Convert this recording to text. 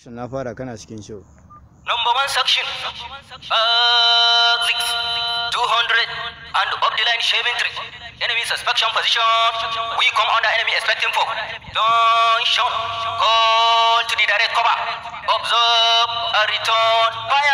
Shin na fara kana cikin show. Number one section, uh, six, 200 and up the line shaving three. Enemy suspension position. We come under enemy expecting for. do Don't show. Call to the direct cover. Observe a return fire.